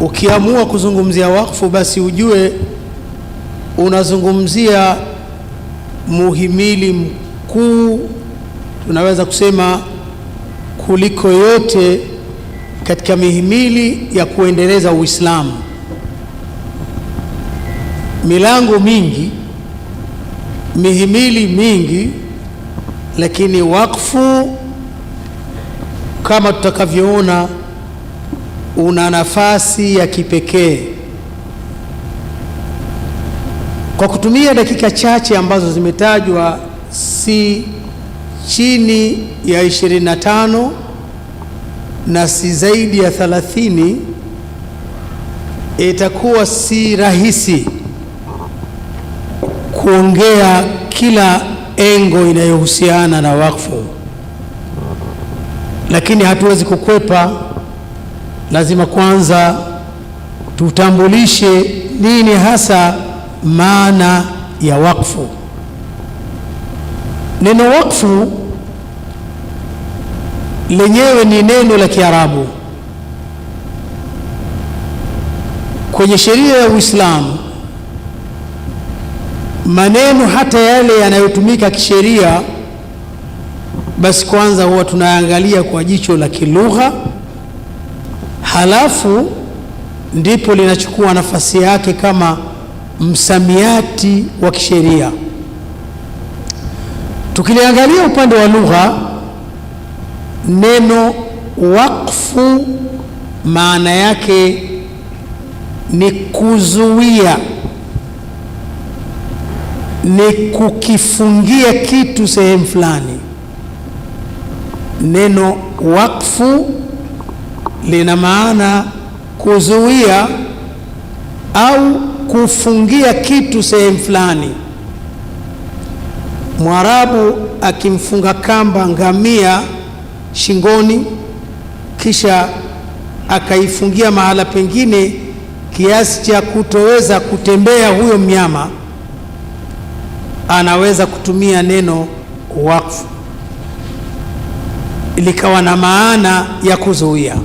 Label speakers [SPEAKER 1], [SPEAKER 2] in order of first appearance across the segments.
[SPEAKER 1] Ukiamua kuzungumzia wakfu, basi ujue unazungumzia muhimili mkuu, tunaweza kusema kuliko yote katika mihimili ya kuendeleza Uislamu. Milango mingi, mihimili mingi, lakini wakfu kama tutakavyoona una nafasi ya kipekee kwa kutumia dakika chache ambazo zimetajwa si chini ya 25 na si zaidi ya 30, itakuwa si rahisi kuongea kila engo inayohusiana na wakfu, lakini hatuwezi kukwepa lazima kwanza tutambulishe nini hasa maana ya wakfu. Neno wakfu lenyewe ni neno la Kiarabu. Kwenye sheria ya Uislamu, maneno hata yale yanayotumika kisheria, basi kwanza huwa tunaangalia kwa jicho la kilugha halafu ndipo linachukua nafasi yake kama msamiati wa kisheria. Tukiliangalia upande wa lugha, neno wakfu maana yake ni kuzuia, ni kukifungia kitu sehemu fulani. Neno wakfu lina maana kuzuia au kufungia kitu sehemu fulani. Mwarabu akimfunga kamba ngamia shingoni, kisha akaifungia mahala pengine kiasi cha kutoweza kutembea huyo mnyama, anaweza kutumia neno wakfu likawa na maana ya kuzuia.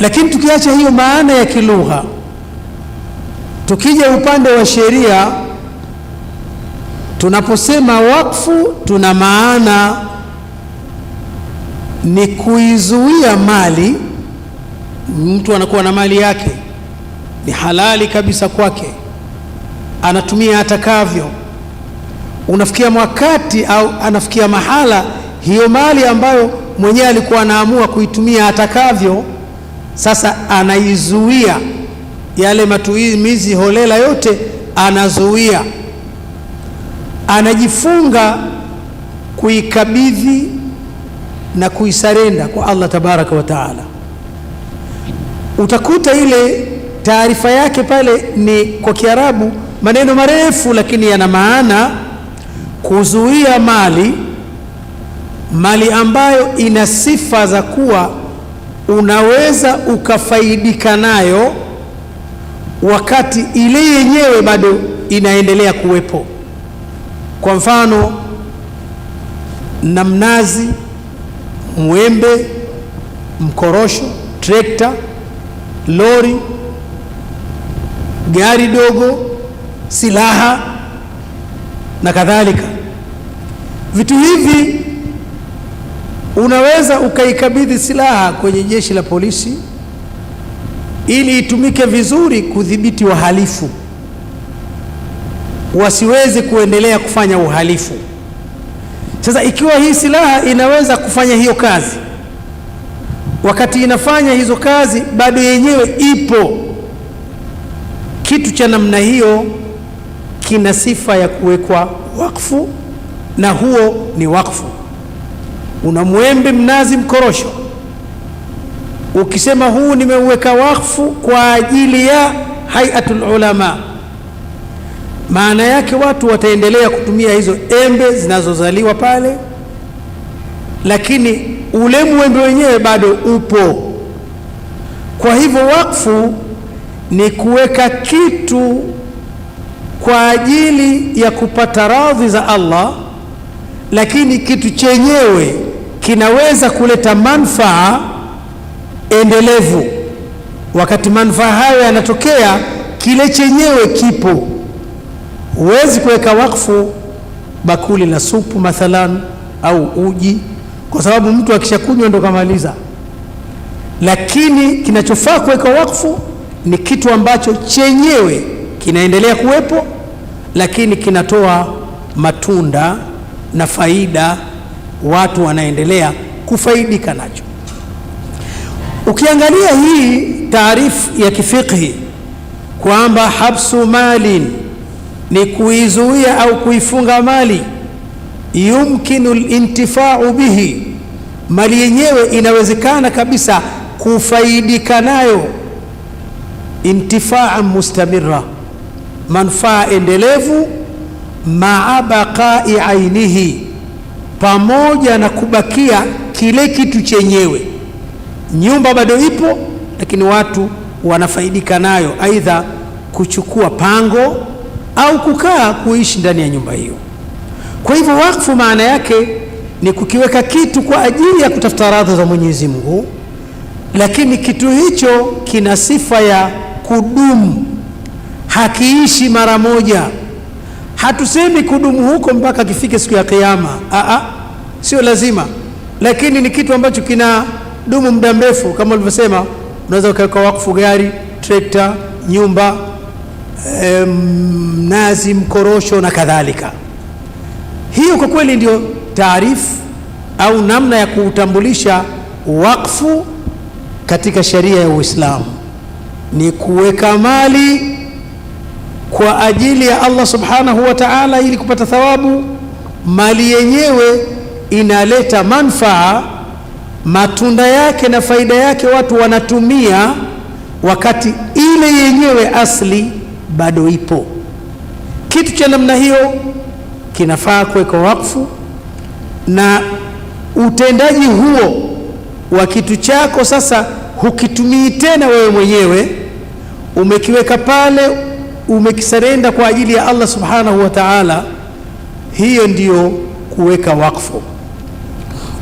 [SPEAKER 1] Lakini tukiacha hiyo maana ya kilugha, tukija upande wa sheria, tunaposema wakfu, tuna maana ni kuizuia mali. Mtu anakuwa na mali yake, ni halali kabisa kwake, anatumia atakavyo. Unafikia wakati au anafikia mahala, hiyo mali ambayo mwenyewe alikuwa anaamua kuitumia atakavyo sasa anaizuia yale matumizi holela yote, anazuia, anajifunga kuikabidhi na kuisarenda kwa Allah tabaraka wa taala. Utakuta ile taarifa yake pale ni kwa Kiarabu, maneno marefu, lakini yana maana kuzuia mali, mali ambayo ina sifa za kuwa unaweza ukafaidika nayo wakati ile yenyewe bado inaendelea kuwepo. Kwa mfano, na mnazi, mwembe, mkorosho, trekta, lori, gari dogo, silaha na kadhalika. Vitu hivi Unaweza ukaikabidhi silaha kwenye jeshi la polisi ili itumike vizuri kudhibiti wahalifu wasiweze kuendelea kufanya uhalifu. Sasa ikiwa hii silaha inaweza kufanya hiyo kazi, wakati inafanya hizo kazi bado yenyewe ipo, kitu cha namna hiyo kina sifa ya kuwekwa wakfu, na huo ni wakfu una mwembe, mnazi, mkorosho, ukisema huu nimeuweka wakfu kwa ajili ya hayatul ulama, maana yake watu wataendelea kutumia hizo embe zinazozaliwa pale, lakini ule mwembe wenyewe bado upo. Kwa hivyo wakfu ni kuweka kitu kwa ajili ya kupata radhi za Allah, lakini kitu chenyewe kinaweza kuleta manufaa endelevu. Wakati manufaa hayo yanatokea, kile chenyewe kipo. Huwezi kuweka wakfu bakuli la supu mathalan au uji, kwa sababu mtu akishakunywa ndo kamaliza. Lakini kinachofaa kuweka wakfu ni kitu ambacho chenyewe kinaendelea kuwepo, lakini kinatoa matunda na faida watu wanaendelea kufaidika nacho. Ukiangalia hii taarifu ya kifiqhi kwamba habsu malin ni kuizuia au kuifunga mali, yumkinu lintifau bihi, mali yenyewe inawezekana kabisa kufaidika nayo, intifaa mustamira, manufaa endelevu, maa baqai ainihi pamoja na kubakia kile kitu chenyewe. Nyumba bado ipo, lakini watu wanafaidika nayo, aidha kuchukua pango au kukaa kuishi ndani ya nyumba hiyo. Kwa hivyo, wakfu maana yake ni kukiweka kitu kwa ajili ya kutafuta radha za Mwenyezi Mungu, lakini kitu hicho kina sifa ya kudumu, hakiishi mara moja. Hatusemi kudumu huko mpaka kifike siku ya Kiyama, sio lazima, lakini ni kitu ambacho kina dumu muda mrefu. Kama ulivyosema, unaweza ukaweka wakfu gari, trekta, nyumba, mnazi, mkorosho na kadhalika. Hiyo kwa kweli ndio taarifu au namna ya kuutambulisha wakfu katika sheria ya Uislamu ni kuweka mali kwa ajili ya Allah subhanahu wa ta'ala, ili kupata thawabu. Mali yenyewe inaleta manfaa, matunda yake na faida yake watu wanatumia, wakati ile yenyewe asli bado ipo. Kitu cha namna hiyo kinafaa kuwekwa wakfu, na utendaji huo wa kitu chako sasa hukitumii tena wewe mwenyewe, umekiweka pale umekisarenda kwa ajili ya Allah subhanahu wa ta'ala, hiyo ndiyo kuweka wakfu.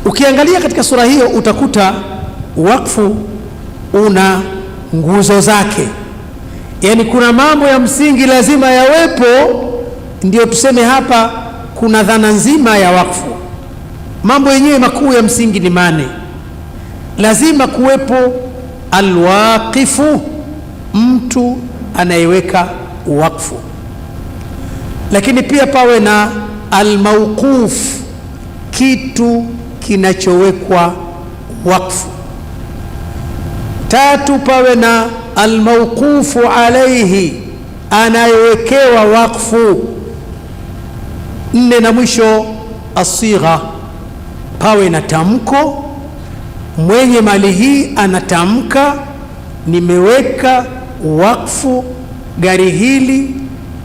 [SPEAKER 1] Ukiangalia katika sura hiyo utakuta wakfu una nguzo zake, yaani kuna mambo ya msingi lazima yawepo, ndiyo tuseme hapa kuna dhana nzima ya wakfu. Mambo yenyewe makuu ya msingi ni mane, lazima kuwepo alwaqifu, mtu anayeweka wakfu, lakini pia pawe na almauquf, kitu kinachowekwa wakfu. Tatu, pawe na almauqufu alaihi, anayewekewa wakfu. Nne na mwisho, asigha, pawe na tamko, mwenye mali hii anatamka nimeweka wakfu gari hili,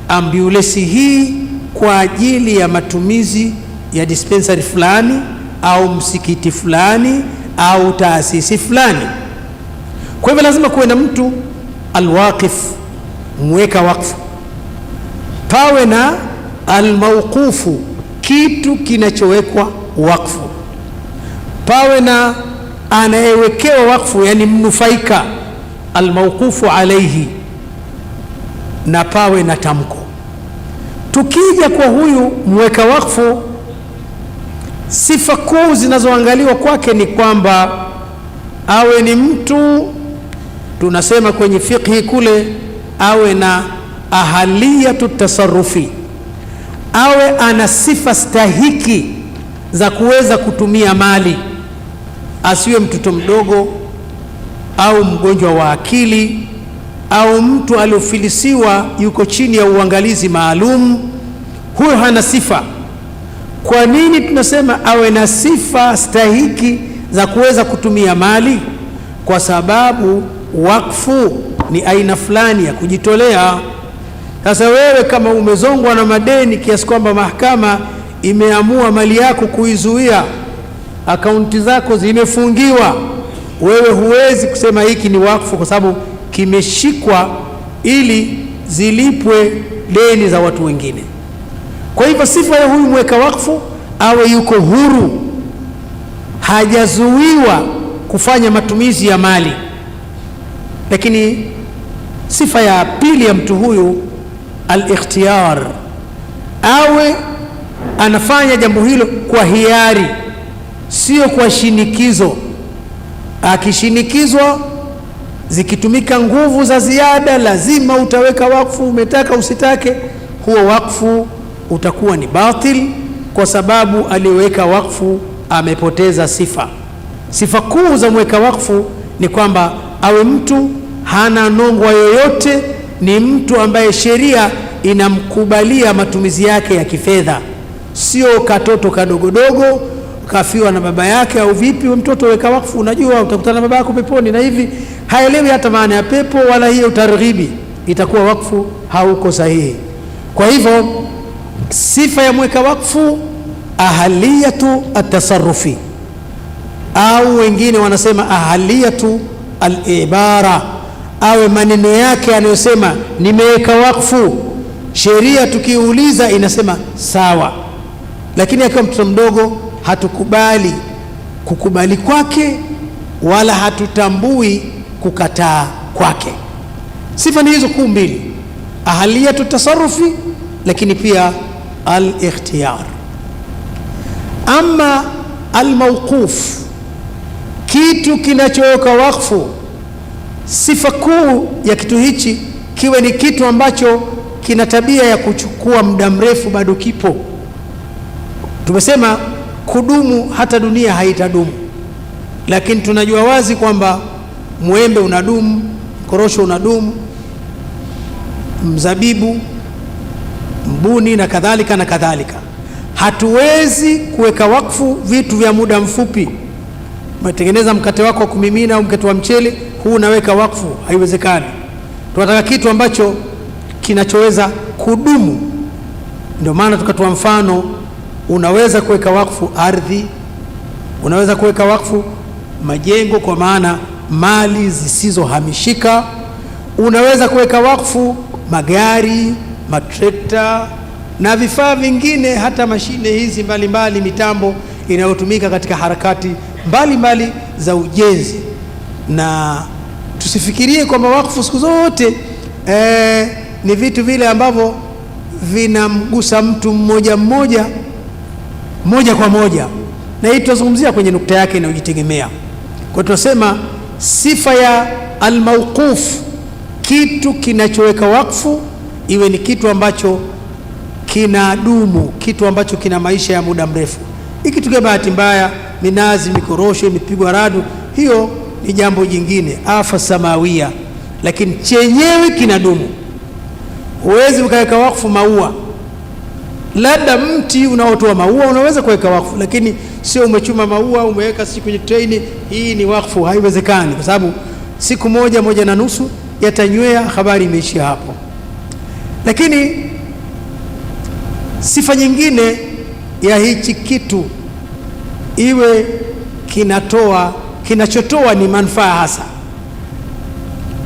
[SPEAKER 1] ambulesi hii kwa ajili ya matumizi ya dispensari fulani au msikiti fulani au taasisi fulani. Kwa hivyo lazima kuwe na mtu alwaqif, mweka wakfu, pawe na almauqufu, kitu kinachowekwa wakfu, pawe na anayewekewa wakfu, yani mnufaika, almauqufu alaihi na pawe na tamko. Tukija kwa huyu mweka wakfu, sifa kuu zinazoangaliwa kwake ni kwamba awe ni mtu tunasema kwenye fikhi kule, awe na ahaliyatu tasarufi, awe ana sifa stahiki za kuweza kutumia mali, asiwe mtoto mdogo au mgonjwa wa akili au mtu aliofilisiwa yuko chini ya uangalizi maalum, huyo hana sifa. Kwa nini tunasema awe na sifa stahiki za kuweza kutumia mali? Kwa sababu wakfu ni aina fulani ya kujitolea. Sasa wewe kama umezongwa na madeni kiasi kwamba mahakama imeamua mali yako kuizuia, akaunti zako zimefungiwa, wewe huwezi kusema hiki ni wakfu kwa sababu kimeshikwa ili zilipwe deni za watu wengine. Kwa hivyo sifa ya huyu mweka wakfu awe yuko huru, hajazuiwa kufanya matumizi ya mali. Lakini sifa ya pili ya mtu huyu al-ikhtiyar, awe anafanya jambo hilo kwa hiari, sio kwa shinikizo. Akishinikizwa zikitumika nguvu za ziada, lazima utaweka wakfu, umetaka usitake, huo wakfu utakuwa ni batil, kwa sababu aliyeweka wakfu amepoteza sifa. Sifa kuu za mweka wakfu ni kwamba awe mtu hana nongwa yoyote, ni mtu ambaye sheria inamkubalia matumizi yake ya kifedha, sio katoto kadogodogo kafiwa na baba yake au vipi. Mtoto weka wakfu, unajua utakutana na baba yako peponi na hivi haelewi hata maana ya pepo wala hiyo targhibi, itakuwa wakfu hauko sahihi. Kwa hivyo sifa ya mweka wakfu ahaliyatu atasarufi, au wengine wanasema ahaliyatu alibara, awe maneno yake anayosema nimeweka wakfu. Sheria tukiuliza inasema sawa, lakini akiwa mtoto mdogo hatukubali kukubali kwake, wala hatutambui kukataa kwake. Sifa ni hizo kuu mbili, ahaliyatu tasarufi, lakini pia al-ikhtiyar. Ama almauquf, kitu kinachoweka wakfu, sifa kuu ya kitu hichi kiwe ni kitu ambacho kina tabia ya kuchukua muda mrefu bado kipo. Tumesema kudumu hata dunia haitadumu, lakini tunajua wazi kwamba mwembe unadumu, korosho unadumu, mzabibu, mbuni na kadhalika na kadhalika. Hatuwezi kuweka wakfu vitu vya muda mfupi. Umetengeneza mkate wako wa kumimina au mkate wa mchele, huu unaweka wakfu? Haiwezekani. Tunataka kitu ambacho kinachoweza kudumu. Ndio maana tukatoa mfano, unaweza kuweka wakfu ardhi, unaweza kuweka wakfu majengo, kwa maana mali zisizohamishika. Unaweza kuweka wakfu magari, matrekta na vifaa vingine, hata mashine hizi mbalimbali, mitambo inayotumika katika harakati mbalimbali mbali za ujenzi. Na tusifikirie kwamba wakfu siku zote eh, ni vitu vile ambavyo vinamgusa mtu mmoja mmoja moja kwa moja, na hii tutazungumzia kwenye nukta yake inayojitegemea. Kwa tunasema sifa ya almauquf kitu kinachoweka wakfu, iwe ni kitu ambacho kinadumu, kitu ambacho kina maisha ya muda mrefu. Ikitokea bahati mbaya minazi, mikorosho imepigwa radu, hiyo ni jambo jingine, afa samawia, lakini chenyewe kinadumu. Huwezi ukaweka wakfu maua Labda mti unaotoa maua unaweza kuweka wakfu, lakini sio umechuma maua umeweka si kwenye treni. Hii ni wakfu, haiwezekani, kwa sababu siku moja moja na nusu yatanywea, habari imeishia hapo. Lakini sifa nyingine ya hichi kitu iwe kinatoa kinachotoa ni manufaa hasa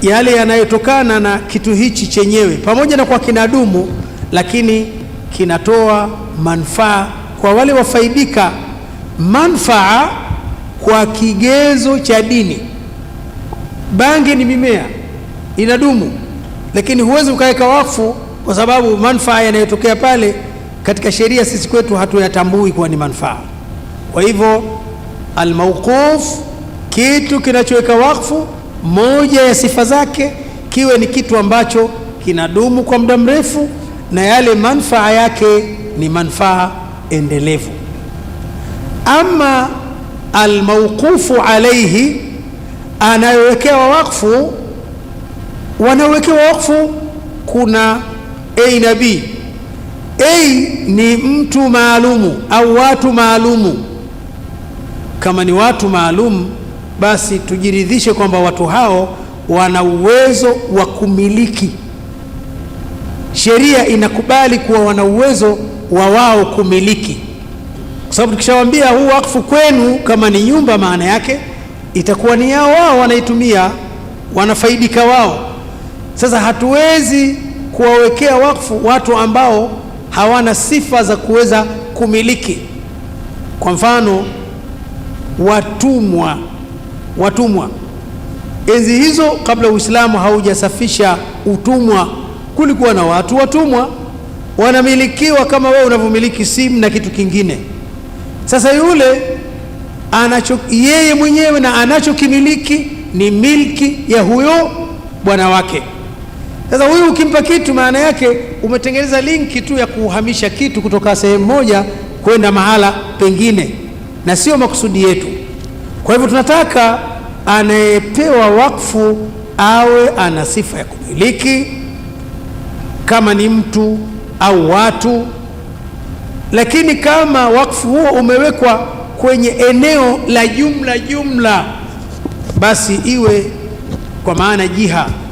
[SPEAKER 1] yale yanayotokana na kitu hichi chenyewe, pamoja na kwa kinadumu, lakini kinatoa manufaa kwa wale wafaidika, manfaa kwa kigezo cha dini. Bangi ni mimea inadumu, lakini huwezi ukaweka wakfu kwa sababu manfaa yanayotokea pale katika sheria sisi kwetu hatuyatambui kuwa ni manfaa. Kwa hivyo almauquf, kitu kinachoweka wakfu, moja ya sifa zake kiwe ni kitu ambacho kinadumu kwa muda mrefu na yale manufaa yake ni manufaa endelevu. Ama almauqufu alaihi, anayowekewa wakfu, wanaowekewa wakfu kuna a na b. A ni mtu maalumu au watu maalumu. Kama ni watu maalum, basi tujiridhishe kwamba watu hao wana uwezo wa kumiliki sheria inakubali kuwa wana uwezo wa wao kumiliki, kwa sababu tukishawaambia huu wakfu kwenu, kama ni nyumba, maana yake itakuwa ni yao wao, wanaitumia wanafaidika wao. Sasa hatuwezi kuwawekea wakfu watu ambao hawana sifa za kuweza kumiliki. Kwa mfano, watumwa. Watumwa enzi hizo, kabla Uislamu haujasafisha utumwa kulikuwa na watu watumwa wanamilikiwa kama wewe unavyomiliki simu na kitu kingine. Sasa yule anacho yeye mwenyewe na anachokimiliki ni milki ya huyo bwana wake. Sasa huyu ukimpa kitu, maana yake umetengeneza linki tu ya kuhamisha kitu kutoka sehemu moja kwenda mahala pengine, na sio makusudi yetu. Kwa hivyo tunataka anayepewa wakfu awe ana sifa ya kumiliki kama ni mtu au watu, lakini kama wakfu huo umewekwa kwenye eneo la jumla jumla, basi iwe kwa maana jiha